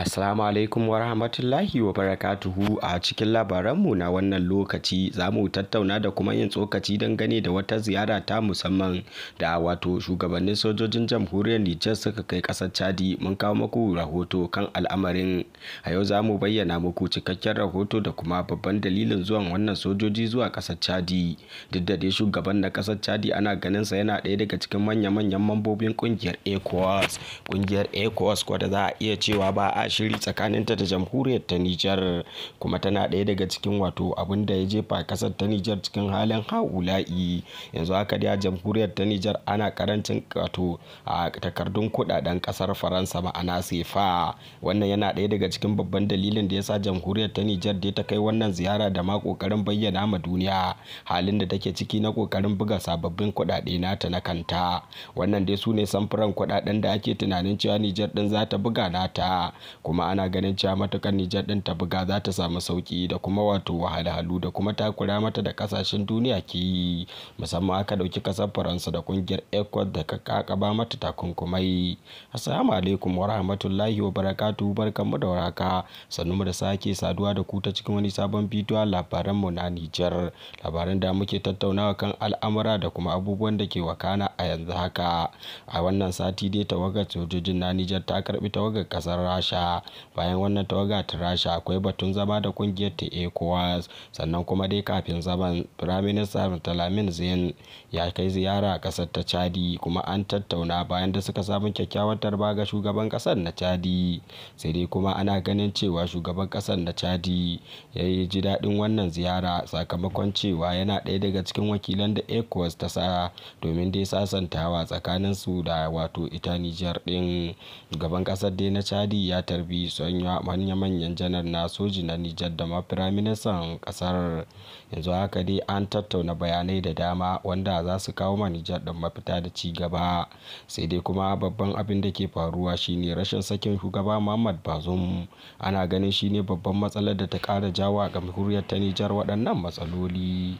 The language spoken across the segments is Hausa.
Assalamu alaikum wa rahmatullahi wa barakatuhu a cikin labaranmu na wannan lokaci za mu tattauna da kuma yin tsokaci don gani da wata ziyara ta musamman da wato shugabannin sojojin jamhuriyar Nijar suka kai kasar Chadi mun kawo muku rahoto kan al'amarin a yau za mu bayyana muku cikakken rahoto da kuma babban dalilin zuwan wannan sojoji zuwa ƙasar Chadi duk da dai shugaban na kasar Chadi ana ganin sa yana ɗaya daga cikin manya-manyan mambobin ƙungiyar ECOWAS ƙungiyar ECOWAS da za a iya cewa ba a shiri tsakaninta da jamhuriyar ta Nijar kuma tana ɗaya daga cikin wato abin da ya jefa kasar ta Nijar cikin halin haula'i yanzu haka dai a jamhuriyar ta Nijar ana karancin wato a takardun kudaden kasar Faransa ma'ana sefa wannan yana ɗaya daga cikin babban dalilin da yasa jamhuriyar ta Nijar da ta kai wannan ziyara da ma kokarin bayyana ma duniya halin da take ciki na kokarin buga sababbin kuɗaɗe nata na kanta wannan dai su ne samfuran kuɗaɗen da ake tunanin cewa Nijar din za ta buga nata kuma ana ganin cewa matukar Nijar din ta buga za ta samu sauki da kuma wato wahalhalu da kuma ta takura mata da kasashen duniya ke yi musamman aka dauki kasar Faransa da kungiyar Ecuador da ka kakaba mata takunkumai assalamu alaikum wa rahmatullahi wa barakatuhu barkanmu da waraka sannu da sake saduwa da ku ta cikin wani sabon bidiyo labaran mu na Nijar labaran da muke tattaunawa kan al'amura da kuma abubuwan da ke wakana a yanzu haka a wannan sati dai tawagar sojojin na Nijar ta karbi tawagar kasar Rasha bayan wannan tawaga ta rasha akwai batun zama da kungiyar ta ecowas sannan kuma dai kafin zaman firaminista talamin zain ya kai ziyara a kasar ta chadi kuma an tattauna bayan da suka samu kyakkyawar tarba ga shugaban kasar na chadi sai dai kuma ana ganin cewa shugaban kasar na chadi ya yi ji daɗin wannan ziyara sakamakon cewa yana ɗaya daga cikin wakilan da ecowas ta sa domin dai sasantawa tsakanin su da wato ita nijar ɗin gaban kasar dai na chadi ya tare ƙasar biyu sun yi manya-manyan janar na soji na Nijar da ma firaministan kasar Yanzu haka dai an tattauna bayanai da dama wanda za su kawo ma Nijar din mafita da ci gaba. Sai dai kuma babban abin da ke faruwa shine rashin sakin shugaba Muhammad bazum Ana ganin shine babban matsalar da ta kara jawa ga muhuriyar ta Nijar waɗannan matsaloli.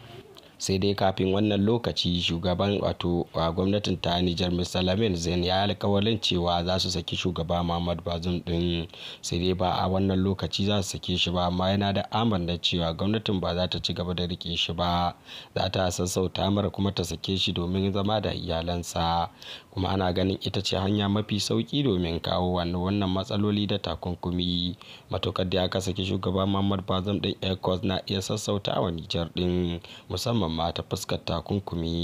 sai dai kafin wannan lokaci shugaban wato a gwamnatin ta nijar mr lamin zain ya alkawalin cewa za su saki shugaba muhammad bazum din sai dai ba a wannan lokaci za su sake shi ba amma yana da da cewa gwamnatin ba za ta ci gaba da rike shi ba za ta sassauta mara kuma ta sake shi domin zama da iyalansa kuma ana ganin ita ce hanya mafi sauki domin kawo wannan matsaloli da takunkumi matukar da aka saki shugaba muhammad bazum din ecos na iya sassauta wa nijar din musamman mata ta fuskar takunkumi.